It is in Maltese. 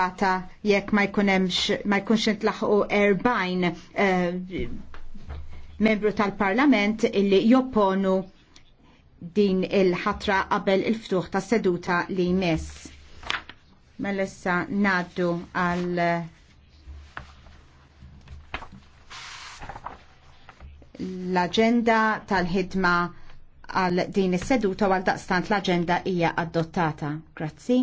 għata jekk ma jkunemx ma jkunx intlaħqu erbajn eh, membru tal-parlament illi jopponu din il-ħatra qabel il-ftuħ ta' seduta li jmess. Melissa naddu għal l-agenda tal-ħidma għal din is-seduta għal daqstant l-agenda hija adottata. Grazzi.